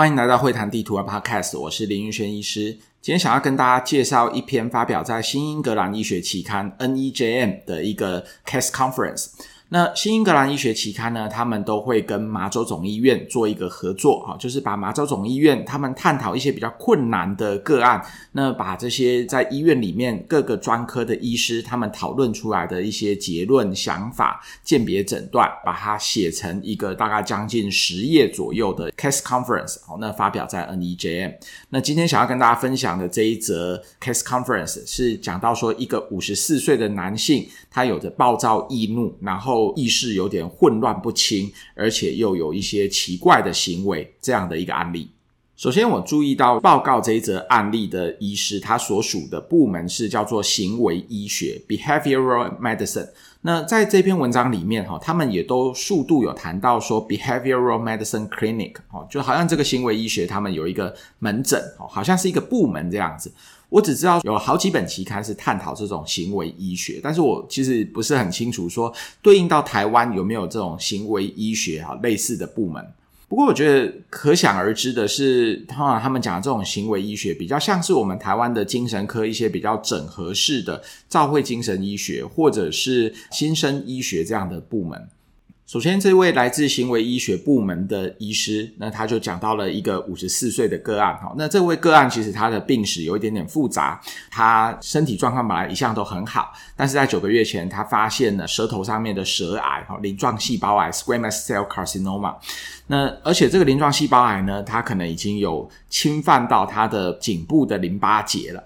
歡迎來到會談地圖的 Podcast，我是林雲軒醫師。今天想要跟大家介紹一篇發表在《新英格蘭醫學期刊》（NEJM） 的一個 Case Conference。那新英格蘭醫學期刊呢，他們都會跟麻州總醫院做一個合作啊，哦，就是把麻州總醫院他們探討一些比較困難的個案，那把這些在醫院裡面各個專科的醫師他們討論出來的一些結論、想法、鑑別診斷，把它寫成一個大概將近十頁左右的 case conference，哦，那發表在 NEJM。那今天想要跟大家分享的這一則 case conference 是講到說一個五十四歲的男性，他有着暴躁易怒，然後。意識有點混亂不清，而且又有一些奇怪的行為，這樣的一個案例。首先，我注意到報告這一則案例的醫師，他所屬的部門是叫做行為醫學 （behavioral medicine）。那在這篇文章裡面哈、哦，他們也都數度有談到說，behavioral medicine clinic 哦，就好像這個行為醫學，他們有一個門診哦，好像是一個部門這樣子。我只知道有好幾本期刊是探討這種行為醫學，但是我其實不是很清楚說，對應到台灣有沒有這種行為醫學哈、啊、類似的部門。不過我覺得可想而知的是，通常、啊、他們講的這種行為醫學比較像是我們台灣的精神科一些比較整合式的照會精神醫學或者是新生醫學這樣的部門。首先，這位來自行為醫學部門的醫師，那他就講到了一個五十四歲的個案。好，那這位個案其實他的病史有一點點複雜，他身體狀況本來一向都很好，但是在九個月前，他發現了舌頭上面的舌癌，鱗狀細胞癌 （squamous cell carcinoma）。那而且這個鱗狀細胞癌呢，它可能已經有侵犯到它的頸部的淋巴結了。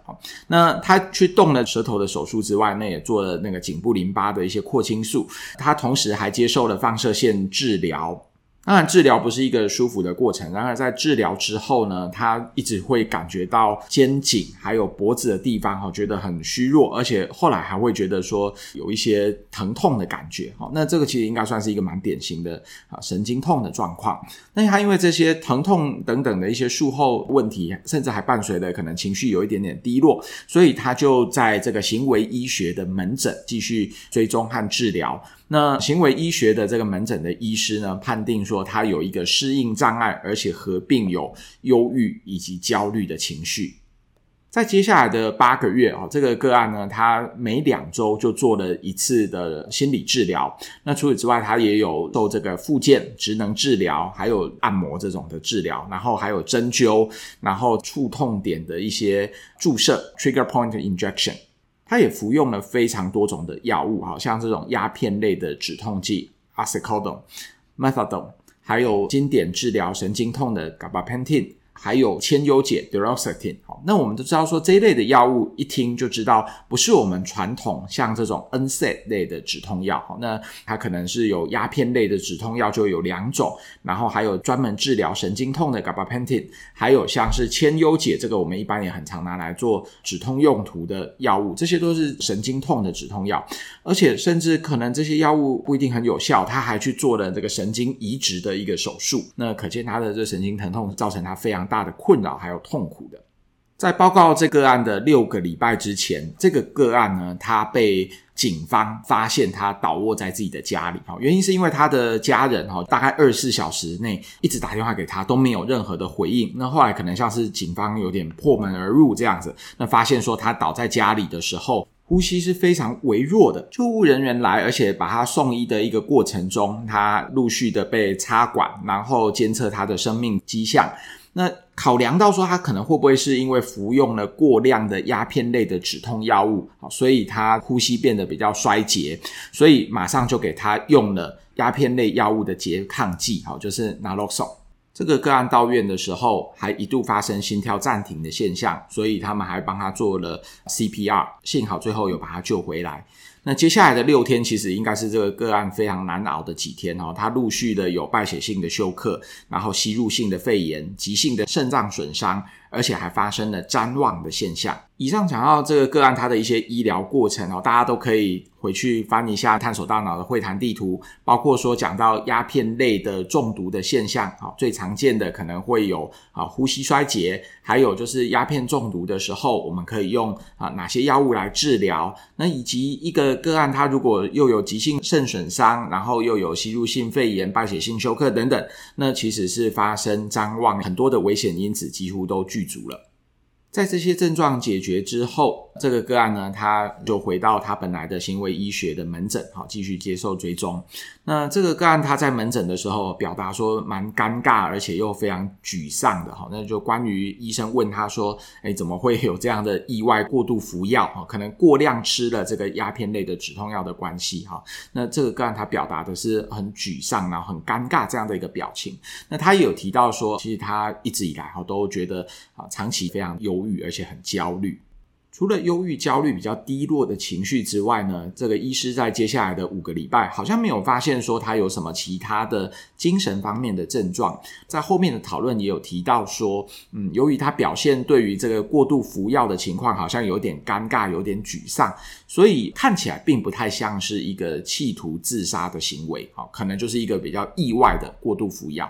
那他去動了舌頭的手術之外，那也做了那個頸部淋巴的一些廓清術，他同時還接受了放射線治療。當然，治療不是一個舒服的過程。然而，在治療之後呢，他一直會感覺到肩頸還有脖子的地方哈，覺得很虛弱，而且後來還會覺得說有一些疼痛的感覺哈。那這個其實應該算是一個蠻典型的啊神經痛的狀況。那他因為這些疼痛等等的一些術後問題，甚至還伴隨着可能情緒有一點點低落，所以他就在這個行為醫學的門診繼續追蹤和治療。那行為醫學的這個門診的醫師呢，判定說。說他有一個適應障礙，而且合併有憂鬱以及焦慮的情緒。在接下來的八個月啊、哦，這個個案呢，他每兩週就做了一次的心理治療。那除此之外，他也有做這個復健、職能治療，還有按摩這種的治療，然後還有針灸，然後觸痛點的一些注射 （trigger point injection）。他也服用了非常多種的藥物，好、哦、像這種鴉片類的止痛劑 oxycodone、methadone 還有經典治療神經痛的 Gabapentin。還有千優解 （duloxetine）。好，那我們都知道說，這一類的藥物一聽就知道不是我們傳統像這種 NSAID 類的止痛藥。那它可能是有鴉片類的止痛藥就有兩種，然後還有專門治療神經痛的 gabapentin，還有像是千優解，這個我們一般也很常拿來做止痛用途的藥物，這些都是神經痛的止痛藥。而且甚至可能這些藥物不一定很有效，他還去做了這個神經移植的一個手術。那可見他的這神經疼痛造成他非常。大的困擾還有痛苦的。在報告這個案的六個禮拜之前，這個個案呢，他被警方發現他倒臥在自己的家裡，原因是因為他的家人，大概二十四小時內，一直打電話給他，都沒有任何的回應。那後來可能像是警方有點破門而入這樣子，那發現說他倒在家裡的時候，呼吸是非常微弱的。救護人員來，而且把他送醫的一個過程中，他陸續的被插管，然後監測他的生命跡象。那考量到說他可能會不會是因為服用了過量的鴉片類的止痛藥物，所以他呼吸變得比較衰竭，所以馬上就給他用了鴉片類藥物的拮抗劑，好，就是 naloxone。這個個案到院的時候還一度發生心跳暫停的現象，所以他們還幫他做了 CPR，幸好最後有把他救回來。那接下來的六天，其實應該是這個個案非常難熬的幾天哦。他陸續的有敗血性的休克，然後吸入性的肺炎，急性的腎臟損傷，而且還發生了譫妄的現象。以上講到這個個案，它的一些醫療過程哦，大家都可以回去翻一下《探索大腦的會談地圖》，包括說講到鴉片類的中毒的現象啊，最常見的可能會有啊呼吸衰竭，還有就是鴉片中毒的時候，我們可以用啊哪些藥物來治療？那以及一個個案，它如果又有急性腎損傷，然後又有吸入性肺炎、敗血性休克等等，那其實是發生譫妄，很多的危險因子幾乎都具足了。在這些症狀解決之後，這個個案呢，他就回到他本來的行為醫學的門診，好，繼續接受追蹤。那這個個案他在門診的時候表達說蠻尷尬，而且又非常沮喪的。好，那就關於醫生問他說：“誒，怎麼會有這樣的意外過度服藥？可能過量吃了這個鴉片類的止痛藥的關係。”哈，那這個個案他表達的是很沮喪，然後很尷尬這樣的一個表情。那他也有提到說，其實他一直以來哈都覺得啊，長期非常憂鬱，而且很焦慮。除了憂鬱、焦慮比較低落的情緒之外呢，這個醫師在接下來的五個禮拜好像沒有發現說他有什麼其他的精神方面的症狀。在後面的討論也有提到說，嗯，由於他表現對於這個過度服藥的情況好像有點尷尬、有點沮喪，所以看起來並不太像是一個企圖自殺的行為，哦，可能就是一個比較意外的過度服藥。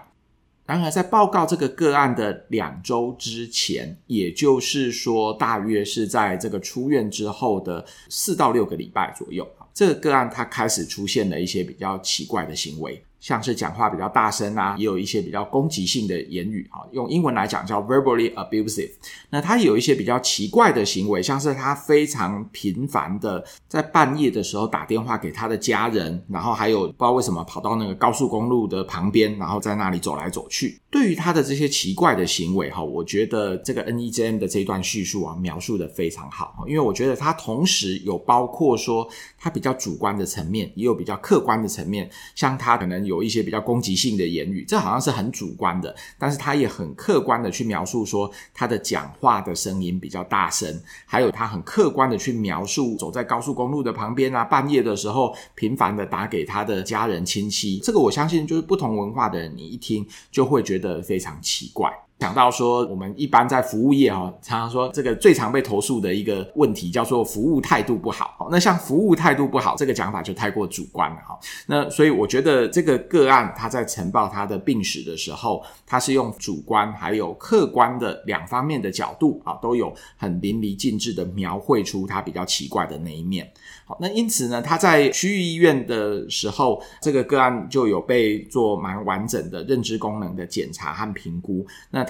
然而，在報告這個個案的兩周之前，也就是說，大約是在這個出院之後的四到六個禮拜左右，這個個案他開始出現了一些比較奇怪的行為。像是講話比較大聲啊，也有一些比較攻擊性的言語啊、哦，用英文來講叫 verbally abusive。那他有一些比較奇怪的行為，像是他非常頻繁的在半夜的時候打電話給他的家人，然後還有不知道為什麼跑到那個高速公路的旁邊，然後在那裡走來走去。對於他的這些奇怪的行為哈、哦，我覺得這個 NEJM 的這段敘述啊描述得非常好、哦，因為我覺得他同時有包括說他比較主觀的層面，也有比較客觀的層面，像他可能有。有一些比較攻擊性的言語，這好像是很主觀的，但是他也很客觀的去描述說他的講話的聲音比較大聲，還有他很客觀的去描述走在高速公路的旁邊啊，半夜的時候頻繁的打給他的家人親戚，這個我相信就是不同文化的人，你一聽就會覺得非常奇怪。想到說，我們一般在服務業哦，常常說這個最常被投訴的一個問題叫做服務態度不好。那像服務態度不好這個講法就太過主觀了哈。那所以我覺得這個個案他在呈報他的病史的時候，他是用主觀還有客觀的兩方面的角度啊，都有很淋漓盡致的描繪出他比較奇怪的那一面。好，那因此呢，他在區域醫院的時候，這個個案就有被做蠻完整的認知功能的檢查和評估。那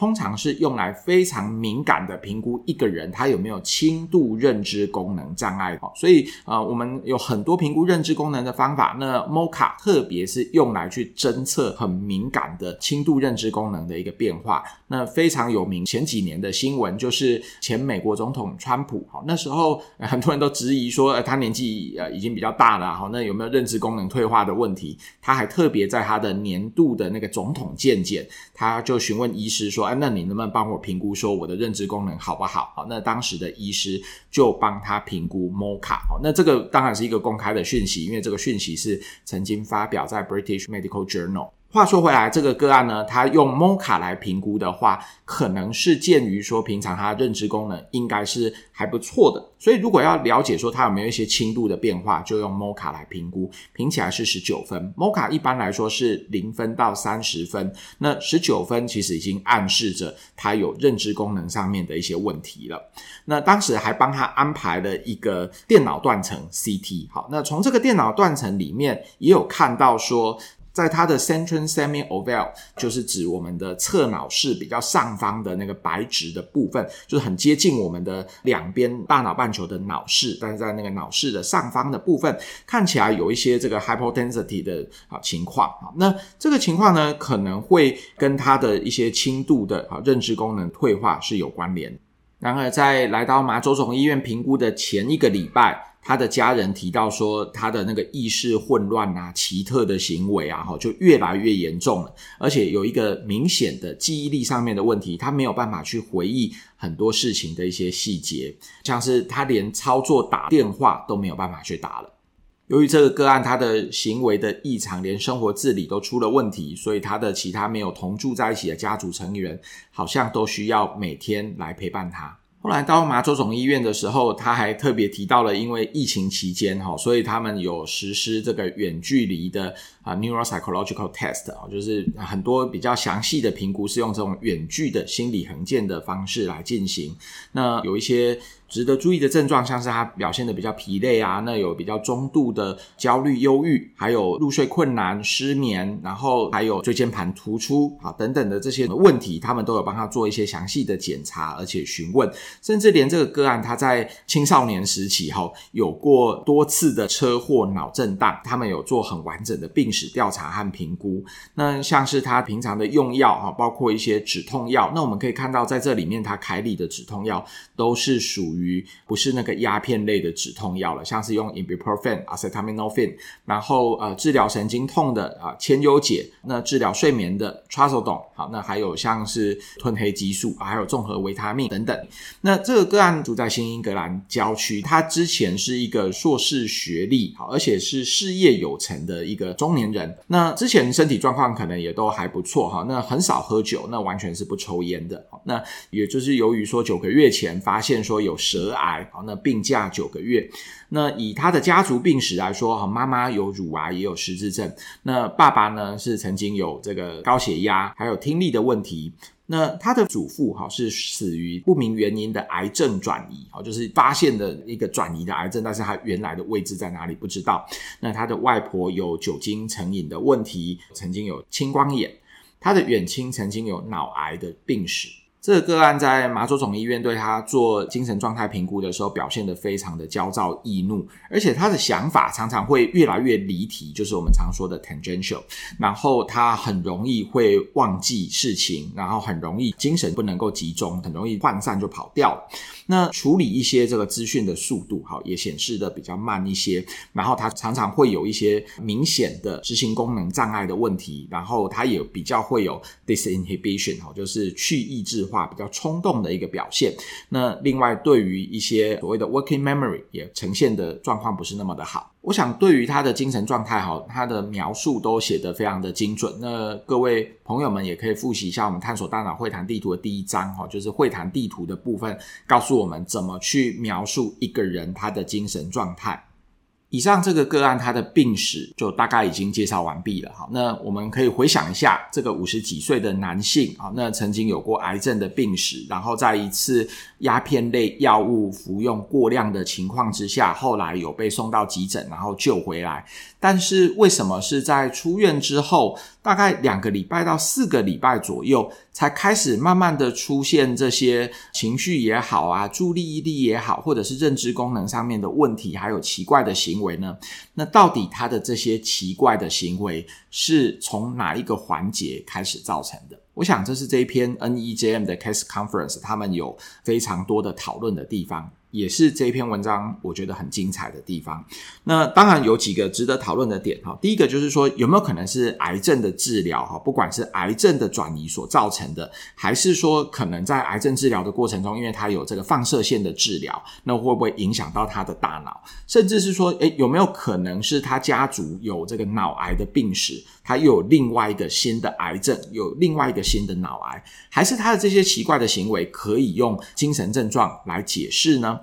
通常是用來非常敏感地評估一個人他有沒有輕度認知功能障礙。哦，所以呃，我們有很多評估認知功能的方法。那 Moca、OK、特別是用來去偵測很敏感的輕度認知功能的一個變化。那非常有名。前幾年的新聞就是前美國總統川普，好、哦，那時候很多人都質疑說、呃、他年紀呃已經比較大了，好、哦，那有沒有認知功能退化的問題？他還特別在他的年度的那個總統健檢他就詢問醫師說。啊，那你能不能幫我評估說我的認知功能好不好？好，那當時的醫師就幫他評估 MoCA。好，那這個當然是一個公開的訊息，因為這個訊息是曾經發表在 British Medical Journal。話說回來，這個個案呢，他用 MoCA 來評估的話，可能是鑑於說平常他認知功能應該是還不錯的，所以如果要了解說他有沒有一些輕度的變化，就用 MoCA 來評估，評起來是十九分。MoCA 一般來說是零分到三十分，那十九分其實已經暗示着他有認知功能上面的一些問題了。那當時還幫他安排了一個電腦斷層 CT，好，那從這個電腦斷層裡面也有看到說。在它的 centrum semiovale，就是指我們的側腦室比較上方的那個白質的部分，就是很接近我們的兩邊大腦半球的腦室，但是在那個腦室的上方的部分，看起來有一些這個 hypodensity 的啊情況。那這個情況呢，可能會跟它的一些輕度的啊認知功能退化是有關聯的。然而，在來到麻州總醫院評估的前一個禮拜。他的家人提到說，他的那個意識混亂啊、奇特的行為啊，吼，就越來越嚴重了。而且有一個明顯的記憶力上面的問題，他沒有辦法去回憶很多事情的一些細節，像是他連操作打電話都沒有辦法去打了。由於這個個案他的行為的異常，連生活自理都出了問題，所以他的其他沒有同住在一起的家族成員，好像都需要每天來陪伴他。後來到麻州總醫院的時候，他還特別提到了，因為疫情期間哈，所以他們有實施這個遠距離的啊 neuropsychological test 啊，就是很多比較詳細的評估是用這種遠距的心理衡鑑的方式來進行。那有一些。值得注意的症狀像是他表現的比較疲累啊，那有比較中度的焦慮、憂鬱，還有入睡困難、失眠，然後還有椎間盤突出啊等等的這些問題，他們都有幫他做一些詳細的檢查，而且詢問，甚至連這個個案他在青少年時期吼、哦、有過多次的車禍、腦震盪，他們有做很完整的病史調查和評估。那像是他平常的用藥啊，包括一些止痛藥，那我們可以看到在這裡面他開立的止痛藥都是屬於。於不是那個鴉片類的止痛藥了，像是用 ibuprofen、acetaminophen，然後呃治療神經痛的啊千、呃、憂解，那治療睡眠的 trazodone，好，那還有像是褪黑激素、啊，還有綜合維他命等等。那這個個案住在新英格蘭郊區，他之前是一個碩士學歷，好，而且是事業有成的一個中年人，那之前身體狀況可能也都還不錯哈，那很少喝酒，那完全是不抽菸的，那也就是由於說九個月前發現說有。舌癌，那病假九個月。那以他的家族病史來說，哈，媽媽有乳癌，也有失智症。那爸爸呢，是曾經有這個高血壓，還有聽力的問題。那他的祖父，哈，是死於不明原因的癌症轉移，好，就是發現的一個轉移的癌症，但是他原來的位置在哪裡不知道。那他的外婆有酒精成癮的問題，曾經有青光眼。他的遠親曾經有腦癌的病史。這個個案在麻州總醫院對他做精神狀態評估的時候，表現得非常的焦躁易怒，而且他的想法常常會越來越離題，就是我們常說的 tangential。然後他很容易會忘記事情，然後很容易精神不能夠集中，很容易渙散就跑掉了。那處理一些這個資訊的速度，哈，也顯示的比較慢一些。然後它常常會有一些明顯的執行功能障礙的問題。然後它也比較會有 disinhibition 哈，就是去抑制化，比較衝動的一個表現。那另外對於一些所謂的 working memory 也呈現的狀況不是那麼的好。我想，對於他的精神狀態，哈，他的描述都寫得非常的精準。那各位朋友們也可以複習一下我們《探索大腦會談地圖》的第一章，哈，就是會談地圖的部分，告訴我們怎麼去描述一個人他的精神狀態。以上這個個案，他的病史就大概已經介紹完畢了。好，那我們可以回想一下，這個五十幾歲的男性，好，那曾經有過癌症的病史，然後在一次鴉片類藥物服用過量的情況之下，後來有被送到急診，然後救回來。但是為什麼是在出院之後，大概兩個禮拜到四個禮拜左右，才開始慢慢的出現這些情緒也好啊，注意力也好，或者是認知功能上面的問題，還有奇怪的行為呢。那到底他的這些奇怪的行為是從哪一個環節開始造成的？我想這是這一篇 NEJM 的 case conference 他們有非常多的討論的地方。也是這篇文章我覺得很精彩的地方。那當然有幾個值得討論的點哈。第一個就是說，有沒有可能是癌症的治療哈，不管是癌症的轉移所造成的，還是說可能在癌症治療的過程中，因為他有這個放射線的治療，那會不會影響到他的大腦？甚至是說，誒，有沒有可能是他家族有這個腦癌的病史？他又有另外一個新的癌症，有另外一個新的腦癌，還是他的這些奇怪的行為可以用精神症狀來解釋呢？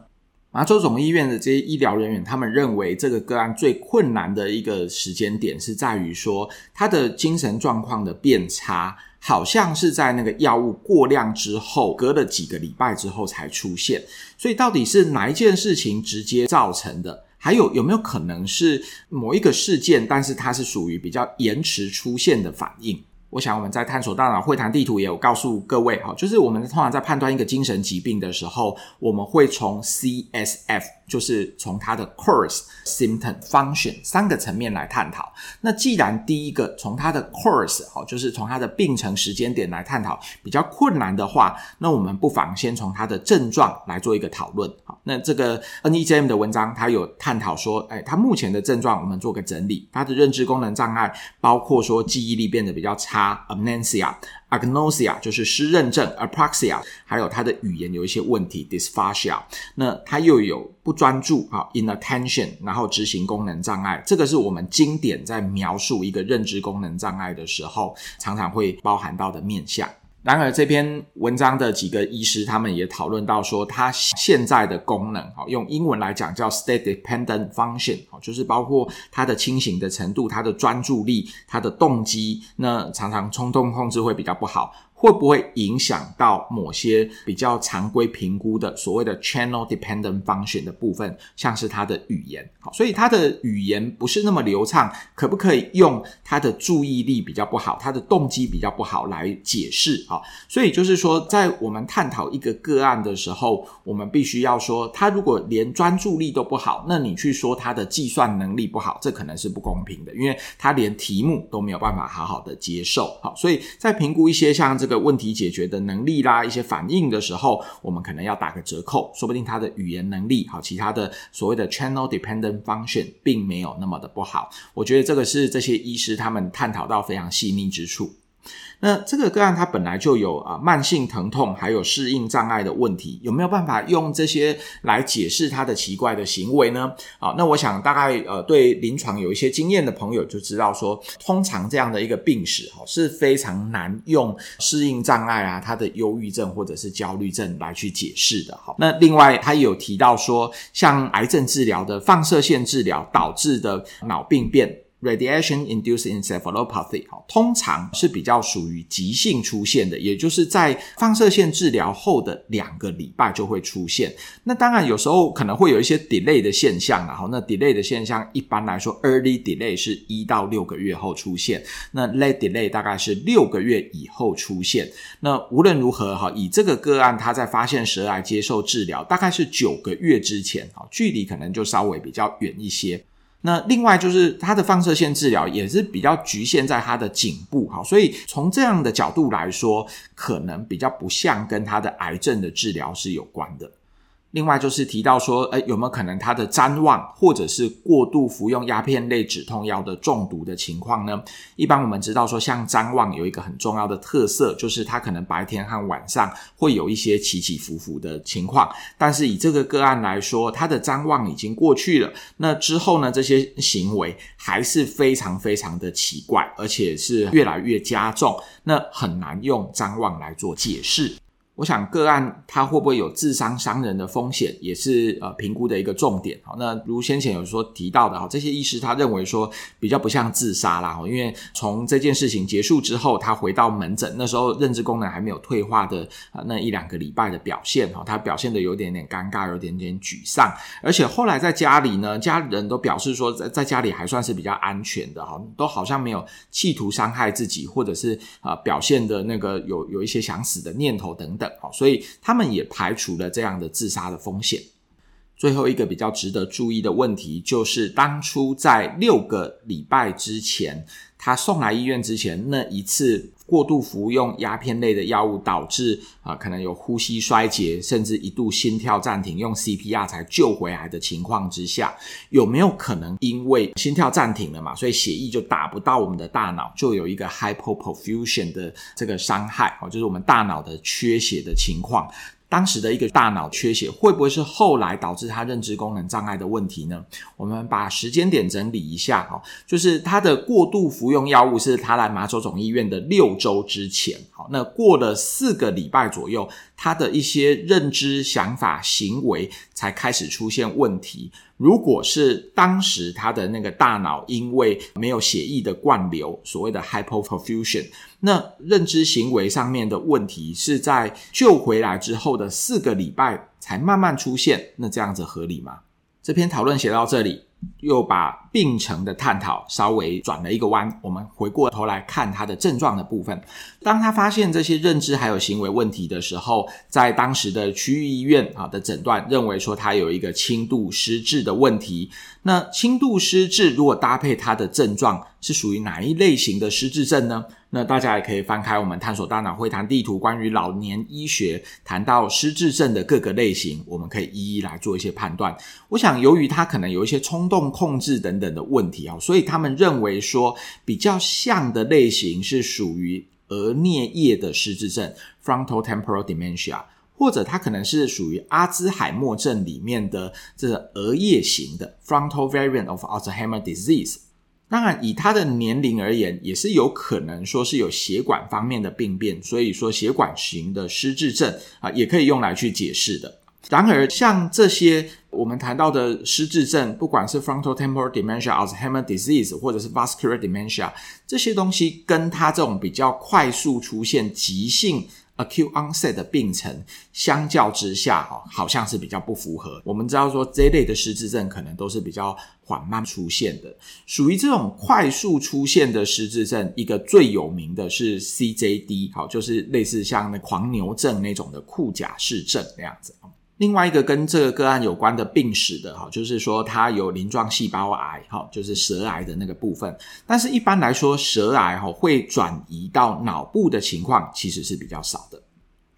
麻州總醫院的這些醫療人員，他們認為這個個案最困難的一個時間點是在於說，他的精神狀況的變差，好像是在那個藥物過量之後，隔了幾個禮拜之後才出現，所以到底是哪一件事情直接造成的？還有有沒有可能是某一個事件，但是它是屬於比較延遲出現的反應？我想我們在探索大腦會談地圖也有告訴各位，哈，就是我們通常在判斷一個精神疾病的時候，我們會從 CSF。就是從它的 course, symptom, function 三個層面來探討。那既然第一個從它的 course 好，就是從它的病程時間點來探討比較困難的話，那我們不妨先從它的症狀來做一個討論。好，那這個 NEJM 的文章它有探討說，哎，它目前的症狀我們做個整理。它的認知功能障礙包括說記憶力變得比較差，amnesia。Am agnosia 就是失認症，apraxia 還有它的語言有一些問題，dysphasia。Acia，那它又有不專注啊，inattention，然後執行功能障礙，這個是我們經典在描述一個認知功能障礙的時候，常常會包含到的面向。然而，這篇文章的幾個醫師他們也討論到說，他現在的功能，啊，用英文來講叫 state dependent function，啊，就是包括他的清醒的程度、他的專注力、他的動機，那常常衝動控制會比較不好。會不會影響到某些比較常規評估的所謂的 channel dependent function 的部分，像是他的語言，好，所以他的語言不是那麼流暢，可不可以用他的注意力比較不好，他的動機比較不好來解釋？好，所以就是說，在我們探討一個個案的時候，我們必須要說，他如果連專注力都不好，那你去說他的計算能力不好，這可能是不公平的，因為他連題目都沒有辦法好好的接受，好，所以，在評估一些像這個。這個問題解決的能力啦，一些反應的時候，我們可能要打個折扣，說不定他的語言能力好，其他的所謂的 channel dependent function 並沒有那麼的不好。我覺得這個是這些醫師他們探討到非常細膩之處。那這個個案它本來就有啊慢性疼痛，還有適應障礙的問題，有沒有辦法用這些來解釋他的奇怪的行為呢？好、啊，那我想大概呃對臨床有一些經驗的朋友就知道說，通常這樣的一個病史、哦、是非常難用適應障礙啊他的憂鬱症或者是焦慮症來去解釋的。好、哦，那另外他也有提到說，像癌症治療的放射線治療導致的腦病變。Radiation-induced encephalopathy、哦、通常是比較屬於急性出現的，也就是在放射線治療後的兩個禮拜就會出現。那當然有時候可能會有一些 delay 的現象啊、哦。那 delay 的現象一般來說 early delay 是一到六個月後出現，那 late delay 大概是六個月以後出現。那無論如何哈、哦，以這個個案他在發現舌癌接受治療大概是九個月之前、哦、距離可能就稍微比較遠一些。那另外就是他的放射線治療也是比較局限在他的頸部，好，所以從這樣的角度來說，可能比較不像跟他的癌症的治療是有關的。另外就是提到說，哎，有沒有可能他的譫妄或者是過度服用鴉片類止痛藥的中毒的情況呢？一般我們知道說，像譫妄有一個很重要的特色，就是他可能白天和晚上會有一些起起伏伏的情況。但是以這個個案來說，他的譫妄已經過去了，那之後呢，這些行為還是非常非常的奇怪，而且是越來越加重，那很難用譫妄來做解釋。我想個案他會不會有自傷傷人的風險，也是呃評估的一個重點。好，那如先前有說提到的哈，這些醫師他認為說比較不像自殺啦，因為從這件事情結束之後，他回到門診那時候認知功能還沒有退化的那一兩個禮拜的表現哈，他表現的有點點尷尬，有點點沮喪，而且後來在家裡呢，家人都表示說在在家裡還算是比較安全的哈，都好像沒有企圖傷害自己，或者是啊表現的那個有有一些想死的念頭等等。好，所以他們也排除了這樣的自殺的風險。最後一個比較值得注意的問題，就是當初在六個禮拜之前，他送來醫院之前那一次過度服用鴉片類的藥物，導致啊、呃、可能有呼吸衰竭，甚至一度心跳暫停，用 CPR 才救回來的情況之下，有沒有可能因為心跳暫停了嘛，所以血液就打不到我們的大腦，就有一個 hypoperfusion 的這個傷害哦，就是我們大腦的缺血的情況。當時的一個大腦缺血，會不會是後來導致他認知功能障礙的問題呢？我們把時間點整理一下哈，就是他的過度服用藥物是他來麻州總醫院的六周之前，好，那過了四個禮拜左右。他的一些認知、想法、行為才開始出現問題。如果是當時他的那個大腦因為沒有血液的灌流，所謂的 hypoperfusion，那認知行為上面的問題是在救回來之後的四個禮拜才慢慢出現。那這樣子合理嗎？這篇討論寫到這裡，又把，病程的探討稍微轉了一個彎，我們回過頭來看他的症狀的部分。當他發現這些認知還有行為問題的時候，在當時的區域醫院啊的診斷認為說他有一個輕度失智的問題。那輕度失智如果搭配他的症狀，是屬於哪一類型的失智症呢？那大家也可以翻開我們探索大腦會談地圖，關於老年醫學，談到失智症的各個類型，我們可以一一來做一些判斷。我想由於他可能有一些衝動控制等等。的問題啊、哦，所以他們認為說比較像的類型是屬於額顳葉的失智症 （frontal temporal dementia），或者它可能是屬於阿茲海默症裡面的這個額葉型的 （frontal variant of Alzheimer's disease）。當然，以他的年齡而言，也是有可能說是有血管方面的病變，所以說血管型的失智症啊，也可以用來去解釋的。然而，像這些。我們談到的失智症，不管是 frontal temporal dementia、Alzheimer's disease，或者是 vascular dementia，這些東西跟它這種比較快速出現急性 acute onset 的病程相較之下，好像是比較不符合。我們知道說這類的失智症可能都是比較緩慢出現的，屬於這種快速出現的失智症，一個最有名的是 CJD，好，就是類似像那狂牛症那種的庫賈氏症那樣子。另外一個跟這個個案有關的病史的哈，就是說他有鱗狀細胞癌，哈，就是舌癌的那個部分。但是，一般來說，舌癌哈會轉移到腦部的情況其實是比較少的。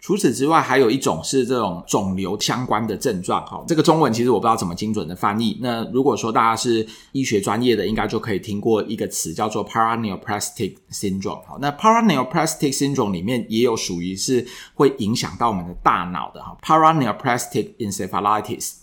除此之外，還有一種是這種腫瘤相關的症狀哈。這個中文其實我不知道怎麼精準的翻譯。那如果說大家是醫學專業的，應該就可以聽過一個詞叫做 paraneoplastic syndrome 好。那 paraneoplastic syndrome 裡面也有屬於是會影響到我們的大腦的哈，paraneoplastic encephalitis。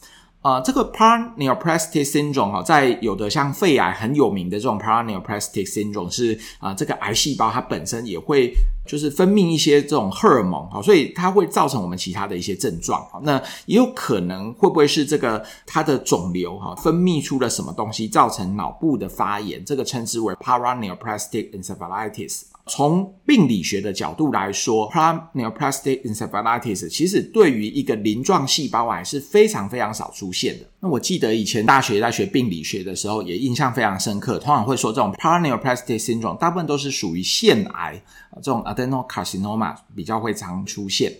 啊、呃，這個 paraneoplastic syndrome 哈、哦，在有的像肺癌很有名的這種 paraneoplastic syndrome，是啊、呃，這個癌細胞它本身也會就是分泌一些這種荷爾蒙哈、哦，所以它會造成我們其他的一些症狀、哦、那也有可能會不會是這個它的腫瘤哈、哦、分泌出了什麼東西造成腦部的發炎，這個稱之為 paraneoplastic encephalitis。從病理學的角度來說 p r i m e r y neoplastic i n s p h a r i t i s 其實對於一個鱗狀細胞癌是非常非常少出現的。那我記得以前大學在學病理學的時候，也印象非常深刻。通常會說這種 paraneoplastic syndrome，大部分都是屬於腺癌，這種 adenocarcinoma 比較會常出現。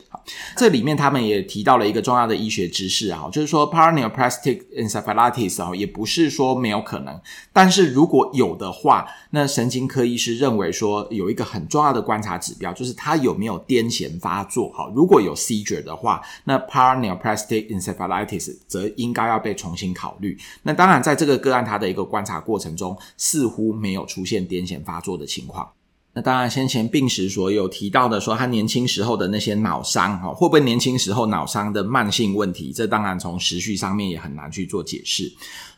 這裡面他們也提到了一個重要的醫學知識哈，就是說 paraneoplastic encephalitis 哦，也不是說沒有可能，但是如果有的話，那神經科醫師認為說有一個很重要的觀察指標，就是他有沒有癲癇發作。好，如果有 seizure 的話，那 paraneoplastic encephalitis 則應該要。被重新考慮。那當然，在這個個案，他的一個觀察過程中，似乎沒有出現癲癇發作的情況。那當然，先前病史所有提到的說，說他年輕時候的那些腦傷，哈，會不會年輕時候腦傷的慢性問題？這當然從時序上面也很難去做解釋。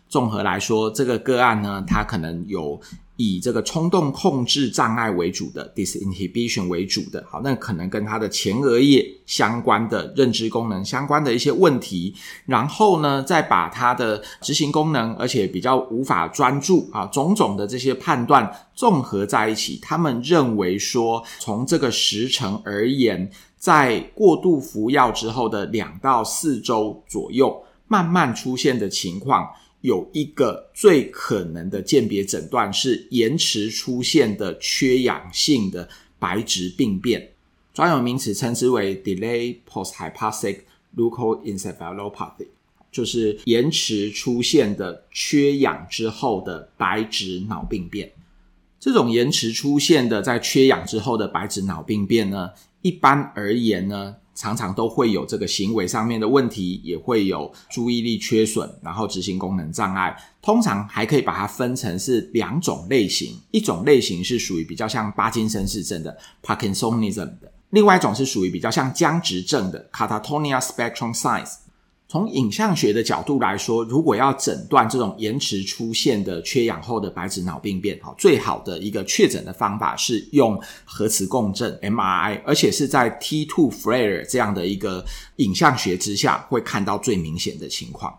綜合來說，這個個案呢，他可能有。以這個衝動控制障礙為主的，disinhibition 為主的，好，那可能跟他的前額葉相關的認知功能相關的一些問題，然後呢，再把他的執行功能，而且比較無法專注啊，種種的這些判斷綜合在一起，他們認為說，從這個時程而言，在過度服藥之後的兩到四週左右，慢慢出現的情況。有一個最可能的鑑別診斷是延遲出現的缺氧性的白質病變，專有名詞稱之為 delayed post-hypoxic leukoencephalopathy，就是延遲出現的缺氧之後的白質腦病變。這種延遲出現的在缺氧之後的白質腦病變呢，一般而言呢。常常都會有這個行為上面的問題，也會有注意力缺損，然後執行功能障礙。通常還可以把它分成是兩種類型，一種類型是屬於比較像巴金森氏症的 Parkinsonism 的，另外一種是屬於比較像僵直症的 Catatonia Spectrum Signs。從影像學的角度來說，如果要診斷這種延遲出現的缺氧後的白質腦病變，好，最好的一個確診的方法是用核磁共振 （MRI），而且是在 T2 flare 這樣的一個影像學之下會看到最明顯的情況。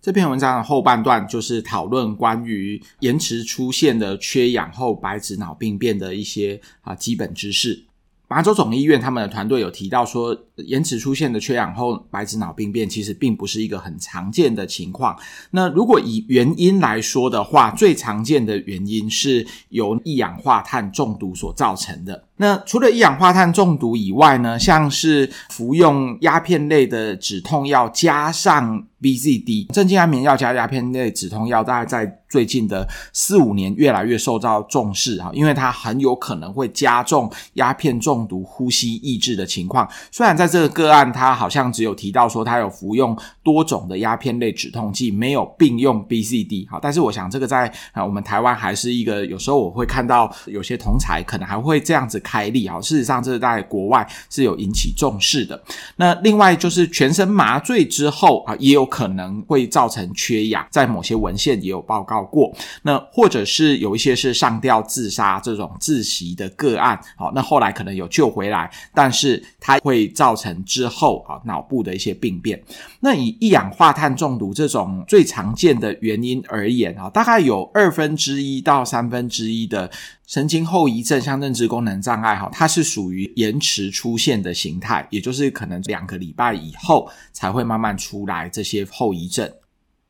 這篇文章的後半段就是討論關於延遲出現的缺氧後白質腦病變的一些啊基本知識。麻州總醫院他們的團隊有提到說，延遲出現的缺氧後白質腦病變其實並不是一個很常見的情況。那如果以原因來說的話，最常見的原因是由一氧化碳中毒所造成的。那除了一氧化碳中毒以外呢，像是服用鴉片類的止痛藥加上 BZD 鎮靜安眠藥加鴉片類止痛藥，大概在最近的四五年越來越受到重視哈，因為它很有可能會加重鴉片中毒呼吸抑制的情況。雖然在這個個案，他好像只有提到說他有服用多種的鴉片類止痛劑，沒有併用 BZD 哈，但是我想這個在啊我們台灣還是一個有時候我會看到有些同儕可能還會這樣子。開立啊、哦，事實上這是在國外是有引起重視的。那另外就是全身麻醉之後啊，也有可能會造成缺氧，在某些文獻也有報告過。那或者是有一些是上吊自殺這種窒息的個案，好、啊，那後來可能有救回來，但是它會造成之後啊腦部的一些病變。那以一氧化碳中毒這種最常見的原因而言啊，大概有二分之一到三分之一的。神經後遺症像認知功能障礙，哈，它是屬於延遲出現的型態，也就是可能兩個禮拜以後才會慢慢出來這些後遺症。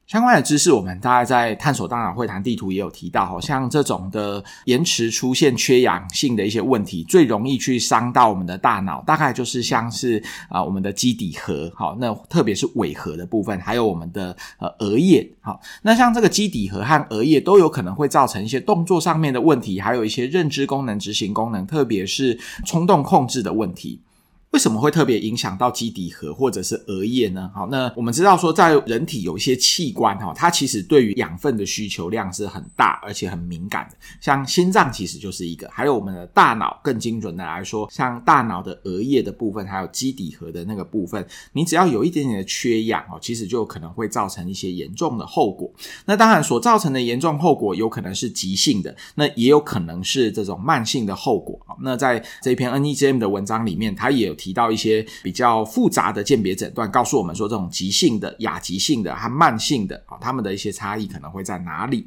相關的知識，我們大概在探索大腦會談地圖也有提到哈，像這種的延遲出現缺氧性的一些問題，最容易去傷到我們的大腦，大概就是像是啊我們的基底核，好，那特別是尾核的部分，還有我們的呃額葉，好，那像這個基底核和額葉都有可能會造成一些動作上面的問題，還有一些認知功能、執行功能，特別是衝動控制的問題。為什麼會特別影響到基底核或者是額葉呢？好，那我們知道說，在人體有一些器官哈，它其實對於養分的需求量是很大，而且很敏感的。像心臟其實就是一個，還有我們的大腦。更精準的來說，像大腦的額葉的部分，還有基底核的那個部分，你只要有一點點的缺氧哦，其實就可能會造成一些嚴重的後果。那當然，所造成的嚴重後果有可能是急性的，那也有可能是這種慢性的後果。那在這篇 NEJM 的文章裡面，它也有。提到一些比較複雜的鑑別診斷，告訴我們說，這種急性的、亞急性的和慢性的啊，他們的一些差異可能會在哪裡？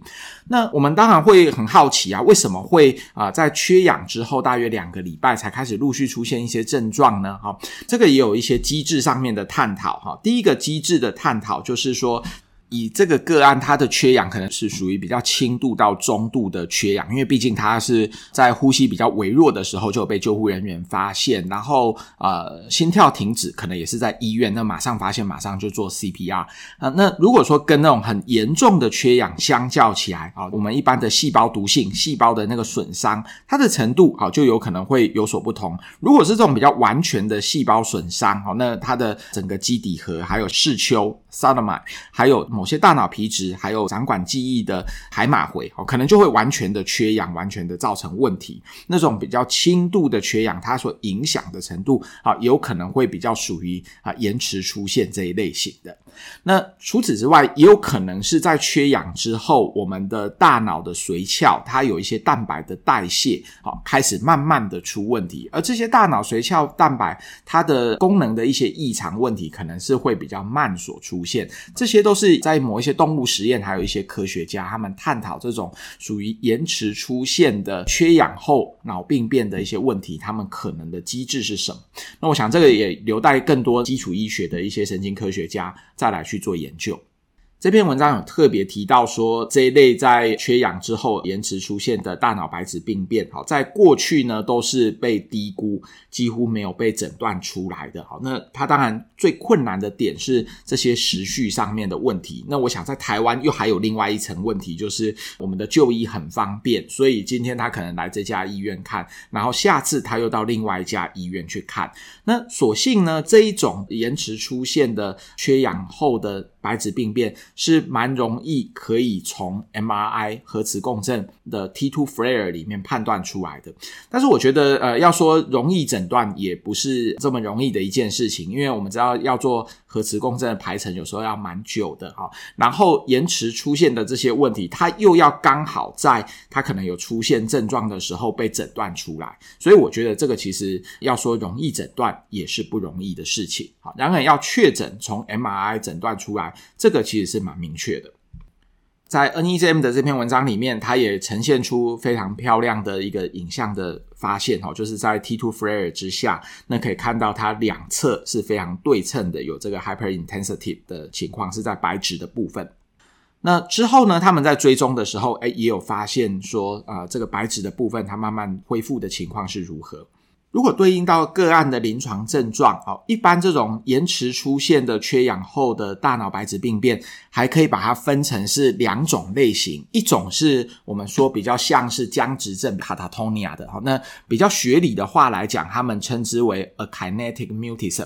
那我們當然會很好奇啊，為什麼會啊在缺氧之後大約兩個禮拜才開始陸續出現一些症狀呢？哈，這個也有一些機制上面的探討哈。第一個機制的探討就是說。以這個個案，它的缺氧可能是屬於比較輕度到中度的缺氧，因為畢竟它是在呼吸比較微弱的時候就被救護人員發現，然後呃心跳停止，可能也是在醫院，那馬上發現，馬上就做 CPR 啊、呃。那如果說跟那種很嚴重的缺氧相較起來啊、哦，我們一般的細胞毒性、細胞的那個損傷，它的程度、哦、就有可能會有所不同。如果是這種比較完全的細胞損傷，哦、那它的整個基底核還有視丘。薩德瑪，還有某些大腦皮質，還有掌管記憶的海馬回，哦，可能就會完全的缺氧，完全的造成問題。那種比較輕度的缺氧，它所影響的程度，啊、哦，有可能會比較屬於啊延遲出現這一類型的。那除此之外，也有可能是在缺氧之後，我們的大腦的髓鞘，它有一些蛋白的代謝，啊、哦，開始慢慢的出問題。而這些大腦髓鞘蛋白，它的功能的一些異常問題，可能是會比較慢所出現，這些都是在某一些動物實驗，還有一些科學家他們探討這種屬於延遲出現的缺氧後腦病變的一些問題，他們可能的機制是什麼？那我想這個也留待更多基礎醫學的一些神經科學家再來去做研究。這篇文章有特別提到說，這一類在缺氧之後延遲出現的大腦白質病變，好，在過去呢都是被低估，幾乎沒有被診斷出來的。好，那它當然最困難的點是這些時序上面的問題。那我想在台灣又還有另外一層問題，就是我們的就醫很方便，所以今天他可能來這家醫院看，然後下次他又到另外一家醫院去看。那所幸呢，這一種延遲出現的缺氧後的。白質病變是蠻容易可以從 MRI 核磁共振的 T2 FLAIR 裡面判斷出來的，但是我覺得呃要說容易診斷也不是這麼容易的一件事情，因為我們知道要做核磁共振的排程有時候要蠻久的哈、哦，然後延遲出現的這些問題，它又要剛好在它可能有出現症狀的時候被診斷出來，所以我覺得這個其實要說容易診斷也是不容易的事情。好、哦，然而要確診從 MRI 診斷出來。這個其實是蠻明確的，在 NEJM 的這篇文章裡面，它也呈現出非常漂亮的一個影像的發現哦，就是在 T two FLAIR 之下，那可以看到它兩側是非常對稱的，有這個 hyperintensity 的情況是在白質的部分。那之後呢，他們在追蹤的時候，哎，也有發現說，呃，這個白質的部分它慢慢恢復的情況是如何。如果對應到個案的臨床症狀，一般這種延遲出現的缺氧後的大腦白質病變，還可以把它分成是兩種類型，一種是我們說比較像是僵直症、catatonia 的，好，那比較學理的話來講，他們稱之為 akinetic mutism。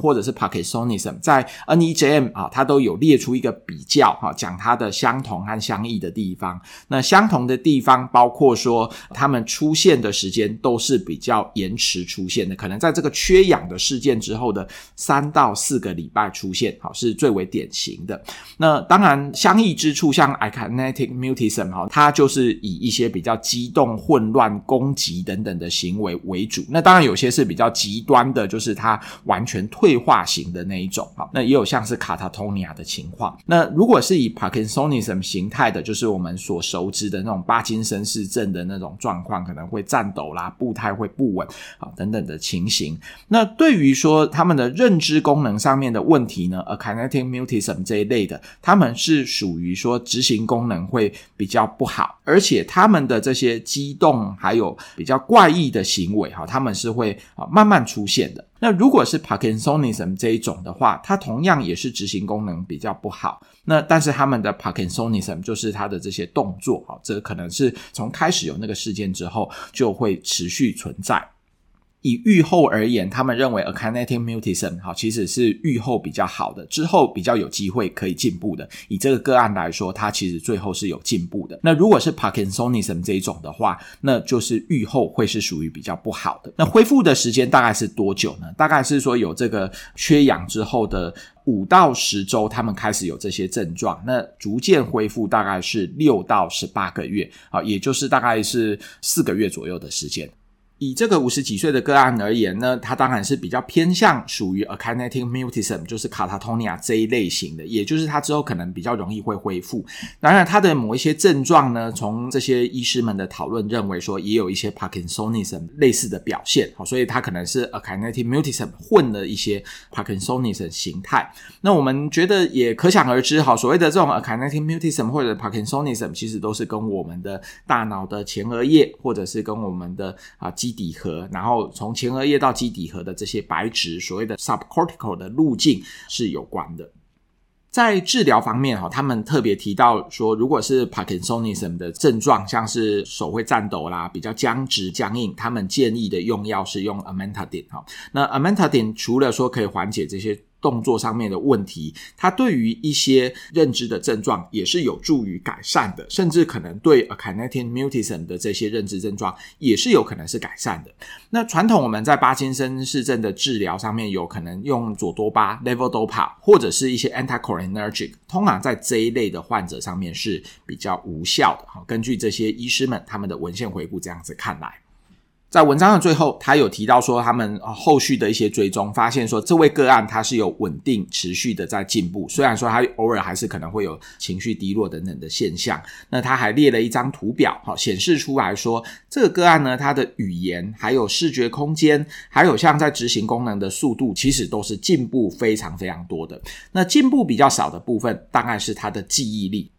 或者是 parkinsonism 在 NEJM 啊，它都有列出一個比較哈、啊，講它的相同和相異的地方。那相同的地方包括說，他、啊、們出現的時間都是比較延遲出現的，可能在這個缺氧的事件之後的三到四個禮拜出現，好、啊、是最為典型的。那當然相異之處，像 akinetic mutism 哈、啊，它就是以一些比較激動、混亂、攻擊等等的行為為主。那當然有些是比較極端的，就是它完全。退化型的那一種哈，那也有像是卡塔通尼亞的情況。那如果是以 Parkinsonism 形態的，就是我們所熟知的那種帕金森氏症的那種狀況，可能會顫抖啦、步態會不穩啊等等的情形。那對於說他們的認知功能上面的問題呢，akinetic mutism 這一類的，他們是屬於說執行功能會比較不好，而且他們的這些激動還有比較怪異的行為哈，他們是會啊慢慢出現的。那如果是 Parkinsonism 這一種的話，它同樣也是執行功能比較不好。那但是他們的 Parkinsonism 就是它的這些動作啊、哦，這可能是從開始有那個事件之後就會持續存在。以預後而言，他們認為 akinetic mutism 其實是預後比較好的，之後比較有機會可以進步的。以這個個案來說，它其實最後是有進步的。那如果是 parkinsonism 這一種的話，那就是預後會是屬於比較不好的。那恢復的時間大概是多久呢？大概是說有這個缺氧之後的五到十周，他們開始有這些症狀，那逐漸恢復大概是六到十八個月，啊，也就是大概是四個月左右的時間。以這個五十幾歲的個案而言呢，他當然是比較偏向屬於 akinetic mutism，就是卡塔通尼亞這一類型的，也就是他之後可能比較容易會恢復。當然，他的某一些症狀呢，從這些醫師們的討論認為說，也有一些 Parkinsonism 類似的表現，好，所以他可能是 akinetic mutism 混了一些 Parkinsonism 形態。那我們覺得也可想而知，哈，所謂的這種 akinetic mutism 或者 Parkinsonism，其實都是跟我們的大腦的前額葉，或者是跟我們的啊。基底核，然後從前額葉到基底核的這些白質，所謂的 subcortical 的路徑是有關的。在治療方面，哈，他們特別提到說，如果是 Parkinsonism 的症狀，像是手會顫抖啦，比較僵直、僵硬，他們建議的用藥是用 Amantadine 哈，那 Amantadine 除了說可以緩解這些。動作上面的問題，它對於一些認知的症狀也是有助於改善的，甚至可能對 akinetic mutism 的這些認知症狀也是有可能是改善的。那傳統我們在帕金森氏症的治療上面，有可能用左多巴 levodopa 或者是一些 anticholinergic 通常在這一類的患者上面是比較無效的。哈，根據這些醫師們他們的文獻回顧這樣子看來。在文章的最後，他有提到說，他們後續的一些追蹤發現說，這位個案他是有穩定持續的在進步，雖然說他偶爾還是可能會有情緒低落等等的現象。那他還列了一張圖表，好顯示出來說，這個個案呢，他的語言、還有視覺空間，還有像在執行功能的速度，其實都是進步非常非常多的。那進步比較少的部分，當然是他的記憶力。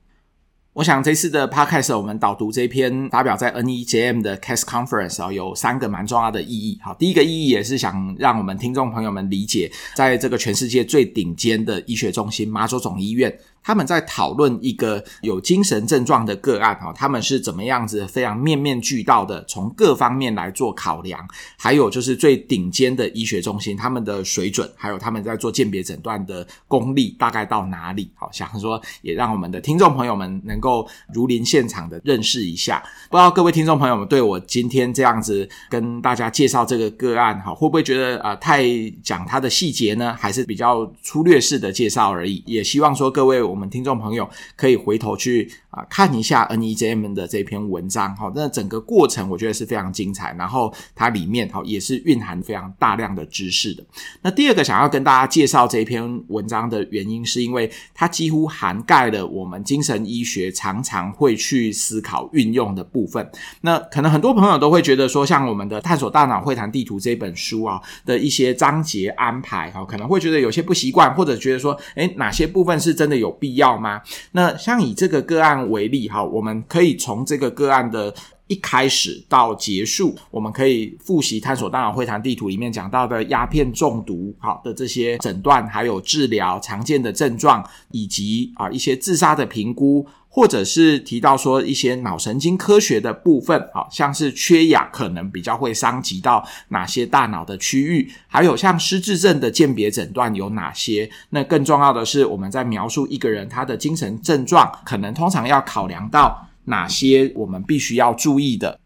我想這次的 podcast 我們導讀這篇發表在 NEJM 的 case conference 啊，有三個蠻重要的意義。好，第一個意義也是想讓我們聽眾朋友們理解，在這個全世界最頂尖的醫學中心——麻州總醫院。他們在討論一個有精神症狀的個案哈，他們是怎麼樣子非常面面俱到的，從各方面來做考量。還有就是最頂尖的醫學中心，他們的水準，還有他們在做鑑別診斷的功力，大概到哪裡？好，想說也讓我們的聽眾朋友們能夠如臨現場的認識一下。不知道各位聽眾朋友們對我今天這樣子跟大家介紹這個個案哈，會不會覺得啊、呃、太講它的細節呢？還是比較粗略式的介紹而已。也希望說各位我。我們聽眾朋友可以回頭去啊看一下 NEJM 的這篇文章哈、哦，那整個過程我覺得是非常精彩，然後它裡面好、哦、也是蘊含非常大量的知識的。那第二個想要跟大家介紹這篇文章的原因，是因為它幾乎涵蓋了我們精神醫學常常會去思考運用的部分。那可能很多朋友都會覺得說，像我們的《探索大腦會談地圖》這本書啊、哦、的一些章節安排哈、哦，可能會覺得有些不習慣，或者覺得說，哎，哪些部分是真的有必必要嗎？那像以這個個案為例，哈，我們可以從這個個案的一開始到結束，我們可以複習《探索大腦會談地圖》裡面講到的鴉片中毒，好的這些診斷，還有治療常見的症狀，以及啊一些自殺的評估。或者是提到說一些腦神經科學的部分，好像是缺氧可能比較會傷及到哪些大腦的區域，還有像失智症的鑑別診斷有哪些？那更重要的是，我們在描述一個人他的精神症狀，可能通常要考量到哪些我們必須要注意的。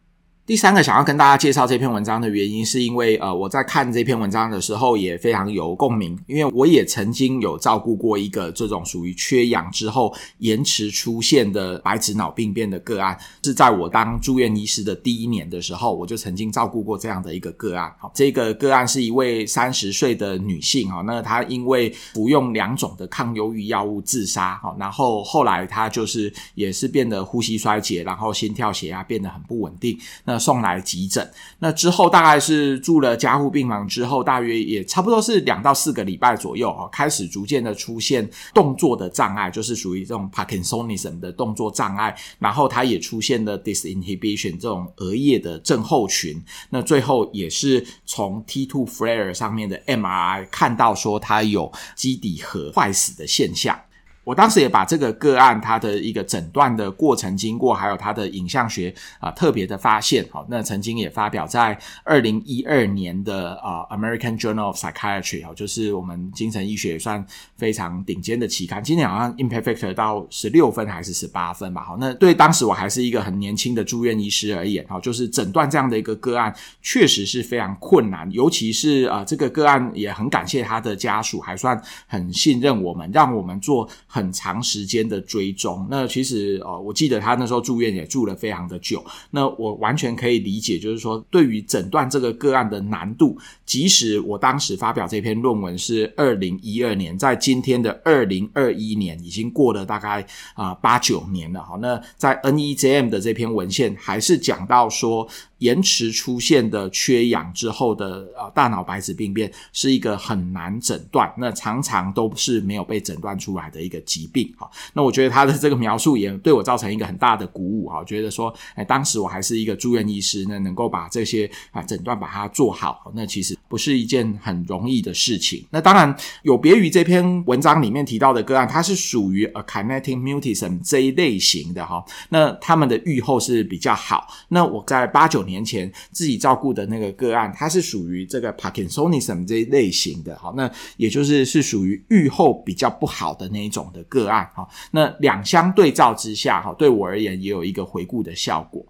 第三個想要跟大家介紹這篇文章的原因，是因為呃，我在看這篇文章的時候也非常有共鳴，因為我也曾經有照顧過一個這種屬於缺氧之後延遲出現的白質腦病變的個案，是在我當住院醫師的第一年的時候，我就曾經照顧過這樣的一個個案。好、哦，這個個案是一位三十歲的女性啊、哦，那她因為服用兩種的抗憂鬱藥物自殺啊、哦，然後後來她就是也是變得呼吸衰竭，然後心跳血壓變得很不穩定。那送來急診，那之後大概是住了加護病房之後，大約也差不多是兩到四個禮拜左右哦，開始逐漸的出現動作的障礙，就是屬於這種 Parkinsonism 的動作障礙，然後他也出現了 disinhibition 這種額葉的症候群，那最後也是從 T2 flare 上面的 MRI 看到說他有基底核壞死的現象。我當時也把這個個案，它的一個診斷的過程經過，還有它的影像學啊、呃、特別的發現，好、哦，那曾經也發表在二零一二年的啊、呃《American Journal of Psychiatry》哦，就是我們精神醫學也算非常頂尖的期刊。今年好像 imperfect 到十六分還是十八分吧，好、哦，那對當時我還是一個很年輕的住院醫師而言，好、哦，就是診斷這樣的一個個案確實是非常困難，尤其是啊、呃、這個個案也很感謝他的家屬還算很信任我們，讓我們做。很長時間的追蹤，那其實哦，我記得他那時候住院也住了非常的久，那我完全可以理解，就是說對於診斷這個個案的難度，即使我當時發表這篇論文是二零一二年，在今天的二零二一年已經過了大概啊八九年了，好，那在 NEJM 的這篇文獻還是講到說延遲出現的缺氧之後的呃大腦白質病變是一個很難診斷，那常常都是沒有被診斷出來的一個疾病哈。那我覺得他的這個描述也對我造成一個很大的鼓舞哈，覺得說哎、欸，當時我還是一個住院醫師呢，能夠把這些啊診斷把它做好，那其實不是一件很容易的事情。那當然有別於這篇文章裡面提到的個案，它是屬於 akinetic mutism 這一類型的哈。那他們的預後是比較好。那我在八九年。年前自己照顧的那個個案，它是屬於這個 Parkinsonism 這一類型的，那也就是是屬於預後比較不好的那一種的個案，那兩相對照之下，哈，對我而言也有一個回顧的效果，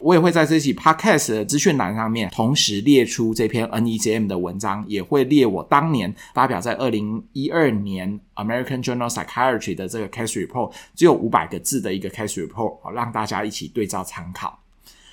我也會在這期 podcast 的資訊欄上面同時列出這篇 NEJM 的文章，也會列我當年發表在二零一二年 American Journal Psychiatry 的這個 case report，只有五百個字的一個 case report，好，讓大家一起對照參考。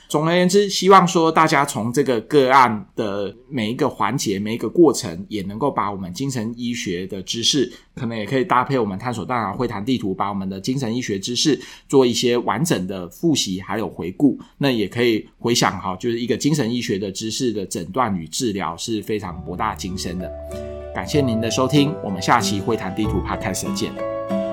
總而言之，希望說大家從這個個案的每一個環節、每一個過程，也能夠把我們精神醫學的知識，可能也可以搭配我們探索大腦會談地圖，把我們的精神醫學知識做一些完整的複習還有回顧。那也可以回想哈，就是一個精神醫學的知識的診斷與治療是非常博大精深的。感謝您的收聽，我們下期會談地圖 Podcast 見。